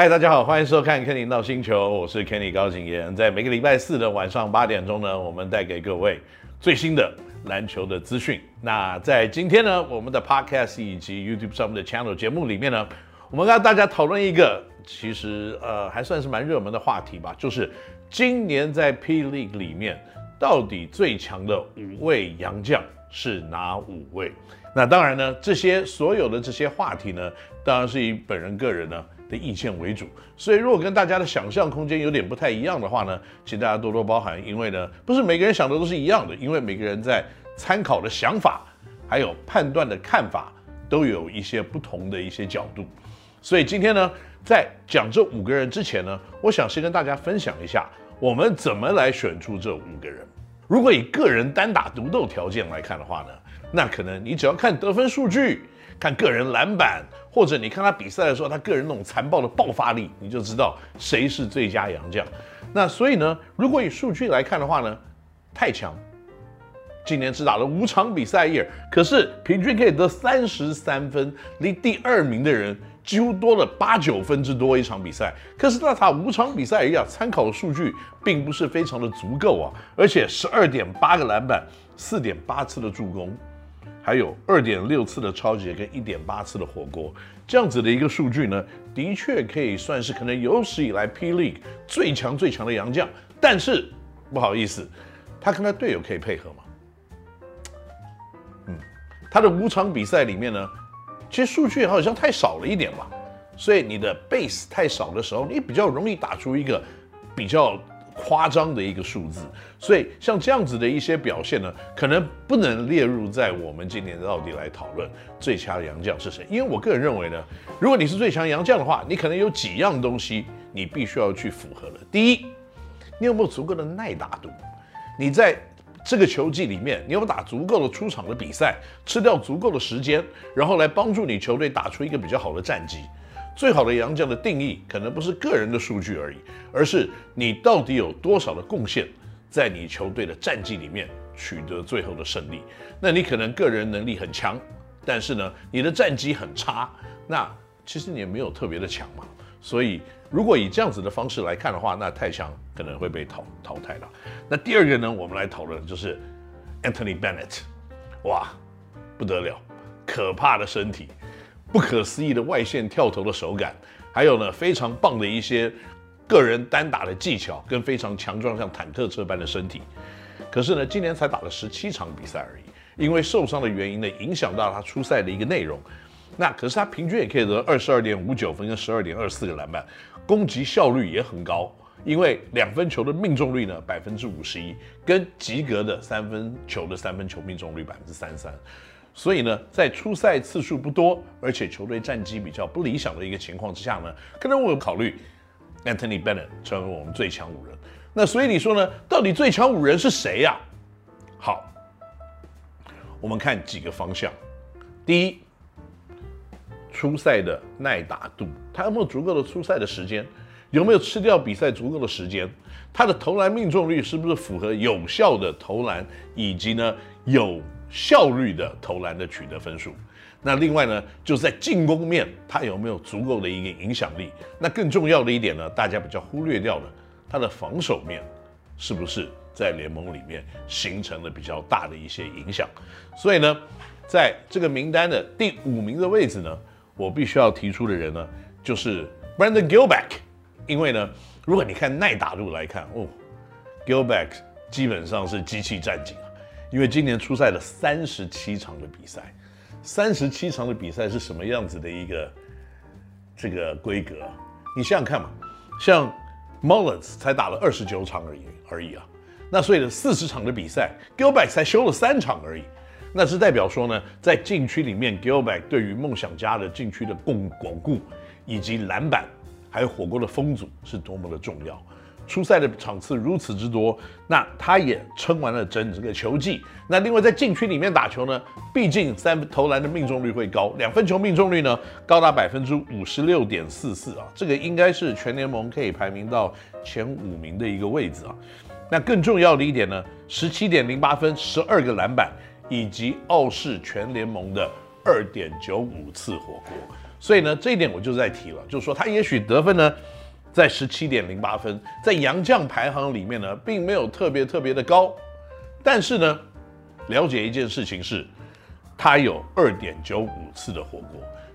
嗨，Hi, 大家好，歡迎收看《Kenny NOW 星球》，我是 Kenny 高景炎，在每個禮拜四的晚上八點鐘呢，我們帶給各位最新的籃球的資訊。那在今天呢，我們的 Podcast 以及 YouTube 上面的 Channel 節目裡面呢，我們跟大家討論一個其實呃還算是蠻熱門的話題吧，就是今年在 P League 裡面到底最強的五位洋將是哪五位？那當然呢，這些所有的這些話題呢，當然是以本人個人呢，的意見為主，所以如果跟大家的想象空間有點不太一樣的話呢，請大家多多包涵，因為呢，不是每個人想的都是一樣的，因為每個人在參考的想法，還有判斷的看法，都有一些不同的一些角度。所以今天呢，在講這五個人之前呢，我想先跟大家分享一下我們怎麼來選出這五個人。如果以個人單打獨鬥條件來看的話呢，那可能你只要看得分數據。看個人籃板，或者你看他比賽的時候，他個人那種殘暴的爆發力，你就知道誰是最佳洋將。那所以呢，如果以數據來看的話呢，太強。今年只打了五場比賽，可是平均可以得三十三分，離第二名的人幾乎多了八九分之多一場比賽。可是那他五場比賽，一樣，參考的數據並不是非常的足夠啊。而且十二點八個籃板，四點八次的助攻。還有二點六次的抄截，跟一點八次的火鍋，這樣子的一個數據呢，的確可以算是可能有史以來 P League 最強最強的洋將。但是不好意思，他跟他隊友可以配合嗎？嗯，他的五場比賽裡面呢，其實數據好像太少了一點嘛。所以你的 base 太少的時候，你比較容易打出一個比較。誇張的一個數字，所以像這樣子的一些表現呢，可能不能列入在我們今年的到底來討論最強洋將是誰。因為我個人認為呢，如果你是最強洋將的話，你可能有幾樣東西你必須要去符合的。第一，你有沒有足夠的耐打度？你在這個球季裡面，你有沒有打足夠的出場的比賽，吃掉足夠的時間，然後來幫助你球隊打出一個比較好的戰績？最好的洋將的定義，可能不是個人的數據而已，而是你到底有多少的貢獻，在你球隊的戰績裡面取得最後的勝利。那你可能個人能力很強，但是呢，你的戰績很差，那其實你也沒有特別的強嘛。所以，如果以這樣子的方式來看的話，那太強可能會被淘淘汰了。那第二個呢，我們來討論就是 Anthony Bennett，哇，不得了，可怕的身體。不可思議的外線跳投的手感，還有呢非常棒的一些個人單打的技巧，跟非常強壯像坦克車般的身體。可是呢，今年才打了十七場比賽而已，因為受傷的原因呢，影響到他出賽的一個內容。那可是他平均也可以得二十二點五九分跟十二點二四個籃板，攻擊效率也很高，因為兩分球的命中率呢百分之五十一，跟及格的三分球的三分球命中率百分之三三。所以呢，在出賽次數不多，而且球隊戰績比較不理想的一個情況之下呢，可能我有考慮 Anthony Bennett 成為我們最強五人。那所以你說呢，到底最強五人是誰呀、啊？好，我們看幾個方向。第一，出賽的耐打度，他有沒有足夠的出賽的時間？有沒有吃掉比賽足夠的時間？他的投籃命中率是不是符合有效的投籃？以及呢，有。效率的投籃的取得分數，那另外呢，就在進攻面，他有沒有足夠的一個影響力？那更重要的一點呢，大家比較忽略掉的，他的防守面是不是在聯盟裡面形成了比較大的一些影響？所以呢，在這個名單的第五名的位置呢，我必須要提出的人呢，就是 Brandon Gilbeck，因為呢，如果你看耐打度來看，哦，Gilbeck 基本上是機器戰警。因為今年出賽了三十七場的比賽，三十七場的比賽是什麼樣子的一個這個規格啊？你想想看嘛，像 Mullens 才打了二十九場而已而已啊，那所以呢，四十場的比賽，Gilbert 才休了三場而已，那是代表說呢，在禁區裡面，Gilbert 對於夢想家的禁區的鞏鞏，鞏固以及籃板還有火鍋的封阻是多麼的重要。出賽的場次如此之多，那他也撐完了整整個球季。那另外在禁區裡面打球呢，畢竟三分投籃的命中率會高，兩分球命中率呢高達百分之五十六點四四啊，這個應該是全聯盟可以排名到前五名的一個位置啊。那更重要的一點呢，十七點零八分，十二個籃板，以及傲視全聯盟的二點九五次火鍋。所以呢，這一點我就在提了，就是說他也許得分呢。在十七點零八分，在洋將排行裡面呢，並沒有特別特別的高，但是呢，了解一件事情是，他有二點九五次的火鍋，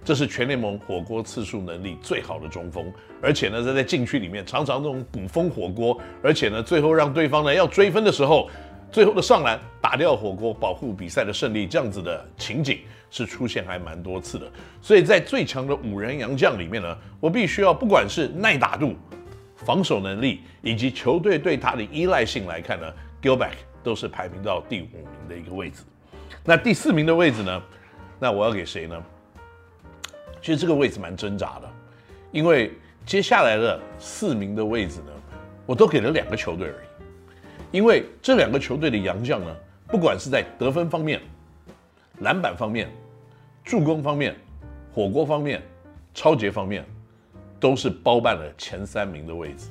這是全聯盟火鍋次數能力最好的中鋒，而且呢，在禁區裡面常常那種古風火鍋，而且呢，最後讓對方呢要追分的時候。最後的上籃，打掉火鍋，保護比賽的勝利，這樣子的情景是出現還蠻多次的。所以在最強的五人洋將裡面呢，我必須要不管是耐打度、防守能力以及球隊對他的依賴性來看呢，Gilback 都是排名到第五名的一個位置。那第四名的位置呢，那我要給誰呢？其實這個位置蠻掙扎的，因為接下來的四名的位置呢，我都給了兩個球隊而已。因為這兩個球隊的洋將呢，不管是在得分方面、籃板方面、助攻方面、火鍋方面、抄截方面，都是包辦了前三名的位置。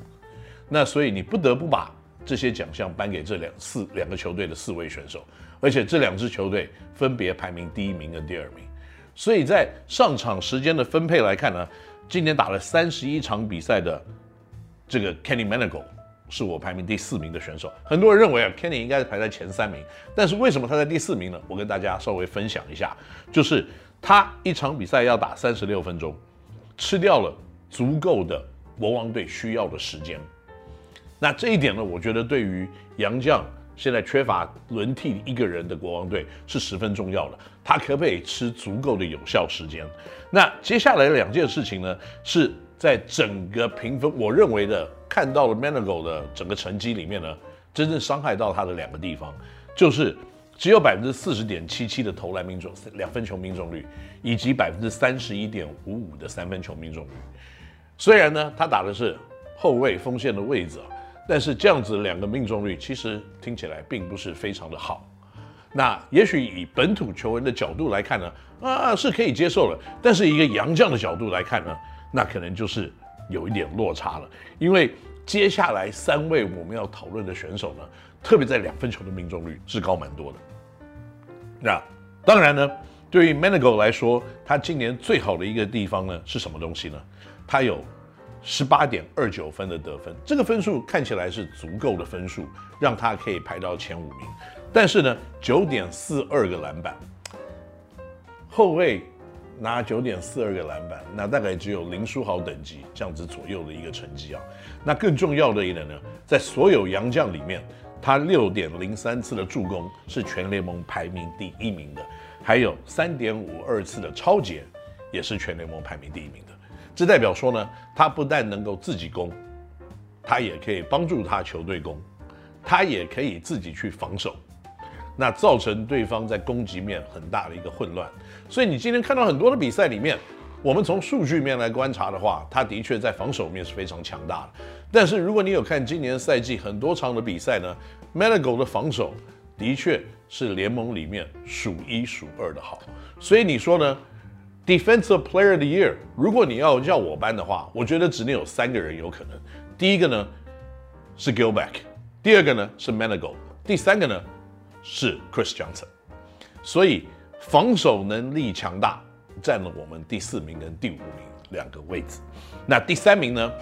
那所以你不得不把這些獎項頒給這兩四兩個球隊的四位選手，而且這兩支球隊分別排名第一名跟第二名。所以在上場時間的分配來看呢，今年打了三十一場比賽的這個 Kenny Manigault。是我排名第四名的選手，很多人認為啊，Kenny 應該是排在前三名，但是為什麼他在第四名呢？我跟大家稍微分享一下，就是他一場比賽要打三十六分鐘，吃掉了足夠的國王隊需要的時間。那這一點呢，我覺得對於洋將現在缺乏輪替一個人的國王隊是十分重要的，他可不可以吃足夠的有效時間？那接下來兩件事情呢是。在整個評分，我認為的看到了 Manago 的整個成績裡面呢，真正傷害到他的兩個地方，就是只有百分之四十點七七的投籃命中，兩分球命中率，以及百分之三十一點五五的三分球命中率。雖然呢，他打的是後衛鋒線的位置啊，但是這樣子兩個命中率其實聽起來並不是非常的好。那也許以本土球員的角度來看呢，啊是可以接受的，但是以一個洋將的角度來看呢？那可能就是有一點落差了，因為接下來三位我們要討論的選手呢，特別在兩分球的命中率是高蠻多的。那當然呢，對於 Manigault 來說，他今年最好的一個地方呢是什麼東西呢？他有十八點二九分的得分，這個分數看起來是足夠的分數，讓他可以排到前五名。但是呢，九點四二個籃板，後衛。拿九點四二個籃板，那大概只有林書豪等級這樣子左右的一個成績啊。那更重要的一點呢，在所有洋將裡面，他六點零三次的助攻是全聯盟排名第一名的，還有三點五二次的抄截也是全聯盟排名第一名的。這代表說呢，他不但能夠自己攻，他也可以幫助他球隊攻，他也可以自己去防守。那造成對方在攻擊面很大的一個混亂，所以你今天看到很多的比賽裡面，我們從數據面來觀察的話，他的確在防守面是非常強大的。但是如果你有看今年賽季很多場的比賽呢，Manago 的防守的確是聯盟裡面數一數二的好。所以你說呢，Defensive Player of the Year，如果你要要我頒的話，我覺得只能有三個人有可能。第一個呢是 Gilbeck，第二個呢是 Manago，第三個呢，是 Chris Johnson，所以防守能力強大，佔了我們第四名跟第五名兩個位置。那第三名呢？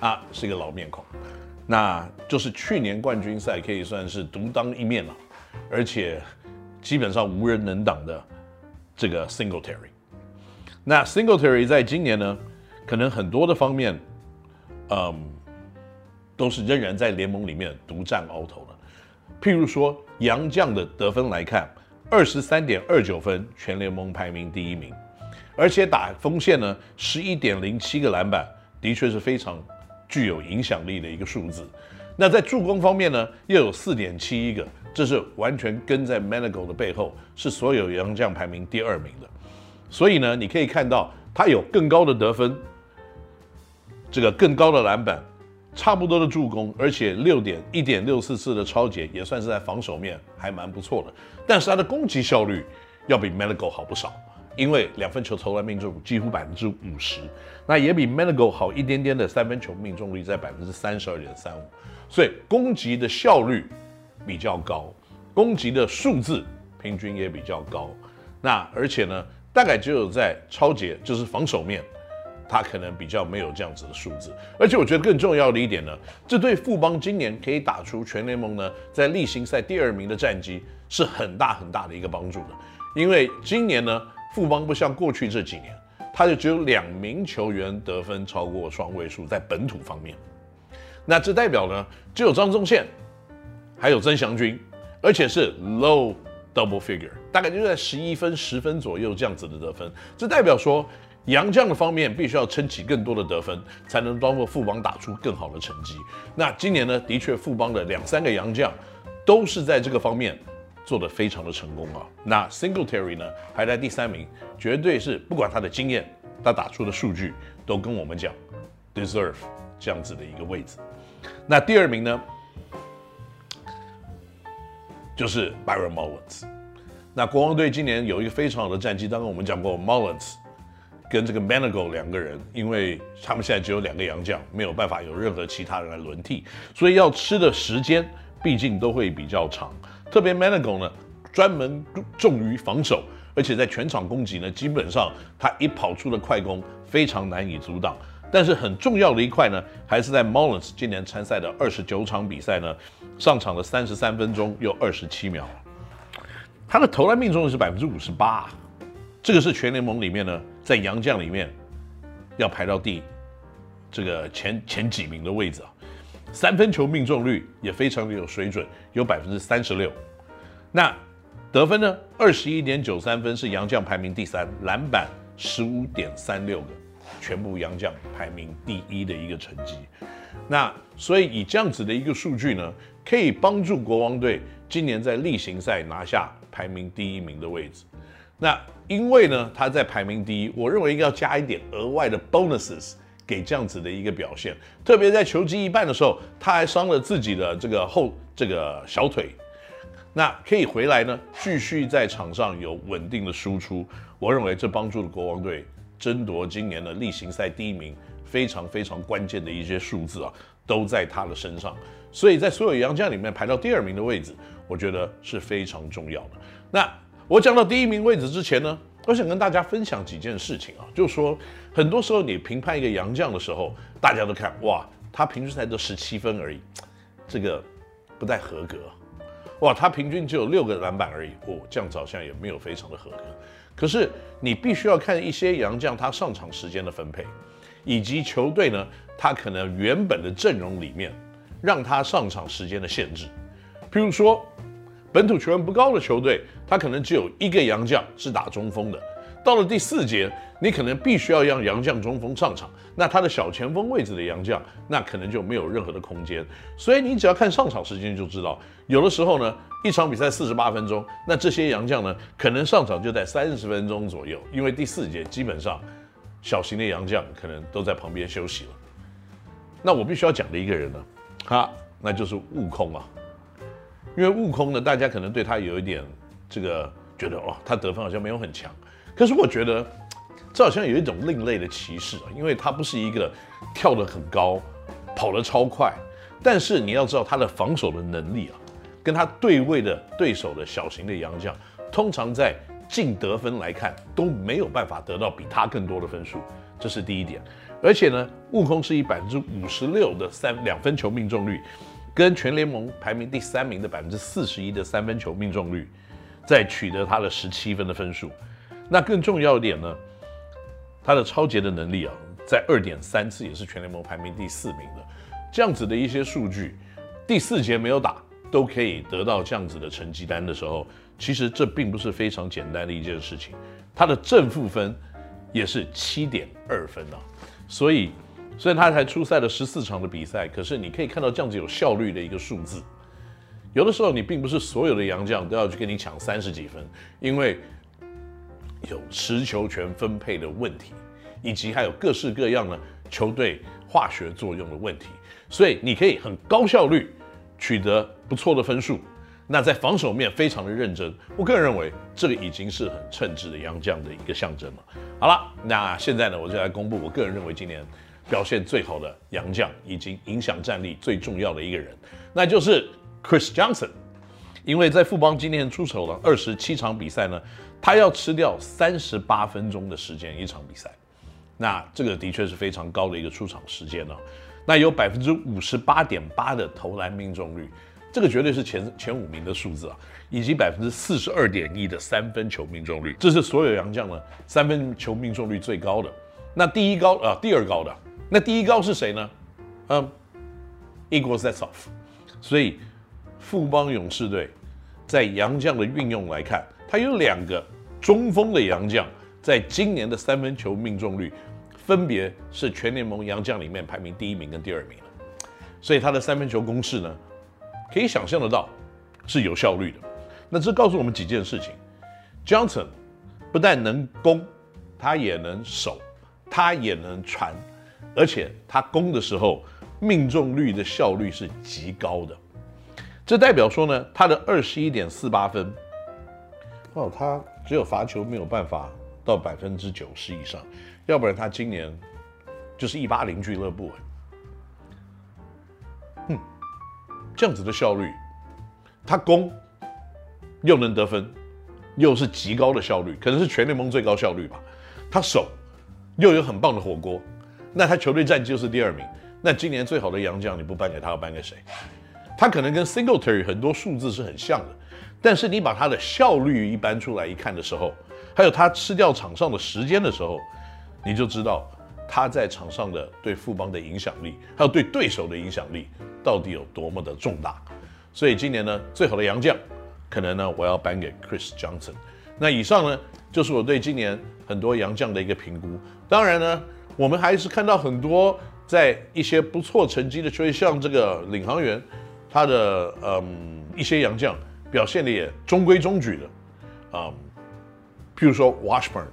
啊，是一個老面孔，那就是去年冠軍賽可以算是獨當一面了，而且基本上無人能擋的這個 Singletary。那 Singletary 在今年呢，可能很多的方面，嗯，都是仍然在聯盟裡面獨佔鰲頭。譬如說洋將的得分來看，二十三點二九分，全聯盟排名第一名，而且打鋒線呢，十一點零七個籃板，的確是非常具有影響力的一個數字。那在助攻方面呢，又有四點七一個，這是完全跟在 Managot 的背後，是所有洋將排名第二名的。所以呢，你可以看到他有更高的得分，這個更高的籃板。差不多的助攻，而且六點一點六四次的抄截，也算是在防守面還蠻不錯的。但是他的攻擊效率要比 Melo 好不少，因為兩分球投籃命中幾乎百分之五十，那也比 Melo 好一點點的三分球命中率在百分之三十二點三五，所以攻擊的效率比較高，攻擊的數字平均也比較高。那而且呢，大概只有在抄截，就是防守面。他可能比較沒有這樣子的數字，而且我覺得更重要的一點呢，這對富邦今年可以打出全聯盟呢在例行賽第二名的戰績是很大很大的一個幫助的，因為今年呢富邦不像過去這幾年，他就只有兩名球員得分超過雙位數在本土方面，那這代表呢只有張宗憲，還有曾祥鈞，而且是 low double figure，大概就在十一分、十分左右這樣子的得分，這代表說。洋將的方面，必須要撐起更多的得分，才能幫助富邦打出更好的成績。那今年呢，的確富邦的兩三個洋將，都是在這個方面做得非常的成功啊。那 Singletary 呢還在第三名，絕對是不管他的經驗，他打出的數據都跟我們講 deserve 這樣子的一個位置。那第二名呢，就是 Byron Mullins。那國王隊今年有一個非常好的戰績，剛剛我們講過 Mullins。跟這個 Manago 兩個人，因為他們現在只有兩個洋將，沒有辦法有任何其他人來輪替，所以要吃的時間畢竟都會比較長。特別 Manago 呢，專門重於防守，而且在全場攻擊呢，基本上他一跑出的快攻非常難以阻擋。但是很重要的一塊呢，還是在 Mullins 今年參賽的二十九場比賽呢，上場了三十三分鐘又二十七秒，他的投籃命中率是百分之五十八，這個是全聯盟裡面呢。在洋將裡面，要排到第這個前前幾名的位置啊，三分球命中率也非常的有水準，有百分之三十六。那得分呢，二十一點九三分是洋將排名第三，籃板十五點三六個，全部洋將排名第一的一個成績。那所以以這樣子的一個數據呢，可以幫助國王隊今年在例行賽拿下排名第一名的位置。那。因為呢，他在排名第一，我認為應該要加一點額外的 bonuses 給這樣子的一個表現，特別在球季一半的時候，他還傷了自己的這個後這個小腿，那可以回來呢，繼續在場上有穩定的輸出，我認為這幫助了國王隊爭奪今年的例行賽第一名，非常非常關鍵的一些數字啊，都在他的身上，所以在所有洋將裡面排到第二名的位置，我覺得是非常重要的。那。我講到第一名位置之前呢，我想跟大家分享幾件事情啊，就是說很多時候你評判一個洋將的時候，大家都看哇，他平均才得十七分而已，這個不太合格。哇，他平均只有六個籃板而已，哇、哦，這樣表現也沒有非常的合格。可是你必須要看一些洋將他上場時間的分配，以及球隊呢，他可能原本的陣容裡面讓他上場時間的限制，譬如說。本土球員不高的球隊，他可能只有一個洋將，是打中鋒的。到了第四節，你可能必須要讓洋將中鋒上場，那他的小前鋒位置的洋將，那可能就沒有任何的空間。所以你只要看上場時間就知道，有的時候呢，一場比賽四十八分鐘，那這些洋將呢，可能上場就在三十分鐘左右，因為第四節基本上小型的洋將可能都在旁邊休息了。那我必須要講的一個人呢，他那就是悟空啊。因為悟空呢，大家可能對他有一點這個覺得哦，他得分好像沒有很強。可是我覺得這好像有一種另類的歧視啊，因為他不是一個跳得很高、跑得超快，但是你要知道他的防守的能力啊，跟他對位的對手的小型的洋將，通常在進得分來看都沒有辦法得到比他更多的分數，這是第一點。而且呢，悟空是以百分之五十六的三兩分球命中率，跟全聯盟排名第三名的百分之四十一的三分球命中率，再取得他的十七分的分數。那更重要一點呢，他的抄截的能力啊，在二點三次也是全聯盟排名第四名的這樣子的一些數據。第四節沒有打，都可以得到這樣子的成績單的時候，其實這並不是非常簡單的一件事情。他的正負分也是七點二分啊，所以。雖然他才出賽了十四場的比賽，可是你可以看到這樣子有效率的一個數字。有的時候你並不是所有的洋將都要去跟你搶三十幾分，因為有持球權分配的問題，以及還有各式各樣的球隊化學作用的問題。所以你可以很高效率取得不錯的分數。那在防守面非常的認真，我個人認為這個已經是很稱職的洋將的一個象徵了。好了，那現在呢，我就來公布我個人認為今年。表現最好的洋將，以及影響戰力最重要的一個人，那就是 Chris Johnson，因為在富邦今年出手了二十七場比賽呢，他要吃掉三十八分鐘的時間一場比賽，那這個的確是非常高的一個出場時間呢、啊。那有百分之五十八點八的投籃命中率，這個絕對是前前五名的數字啊，以及百分之四十二點一的三分球命中率，這是所有洋將呢三分球命中率最高的，那第一高啊，第二高的。那第一高是誰呢？嗯，Eagles that's off。所以富邦勇士隊在洋將的運用來看，他有兩個中鋒的洋將，在今年的三分球命中率，分別是全聯盟洋將裡面排名第一名跟第二名。所以他的三分球攻勢呢，可以想象得到是有效率的。那這告訴我們幾件事情：Johnson 不但能攻，他也能守，他也能傳。而且他攻的時候，命中率的效率是極高的，這代表說呢，他的二十一點四八分，哦，他只有罰球沒有辦法到百分之九十以上，要不然他今年就是一八零俱樂部。哼，這樣子的效率，他攻又能得分，又是極高的效率，可能是全聯盟最高效率吧。他守又有很棒的火鍋。那他球隊戰績就是第二名，那今年最好的洋將你不頒給他，要頒給誰？他可能跟 Singletary 很多數字是很像的，但是你把他的效率一搬出來一看的時候，還有他吃掉場上的時間的時候，你就知道他在場上的對富邦的影響力，還有對對手的影響力到底有多麼的重大。所以今年呢，最好的洋將，可能呢我要頒給 Chris Johnson。那以上呢，就是我對今年很多洋將的一個評估。當然呢。我們還是看到很多在一些不錯成績的球隊，像這個領航員，他的嗯一些洋將表現得也中規中矩的，啊、嗯，譬如說 Washburn，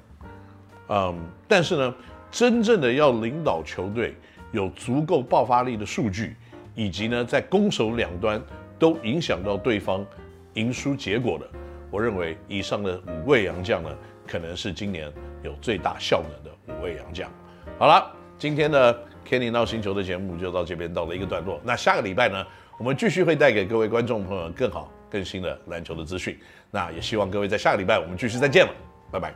嗯，但是呢，真正的要領導球隊有足夠爆發力的數據，以及呢在攻守兩端都影響到對方贏輸結果的，我認為以上的五位洋將呢，可能是今年有最大效能的五位洋將。好了，今天的《肯尼 NOW 星球》的節目就到這邊到了一個段落。那下個禮拜呢，我們繼續會帶給各位觀眾朋友們更好、更新的籃球的資訊。那也希望各位在下個禮拜我們繼續再見了，拜拜。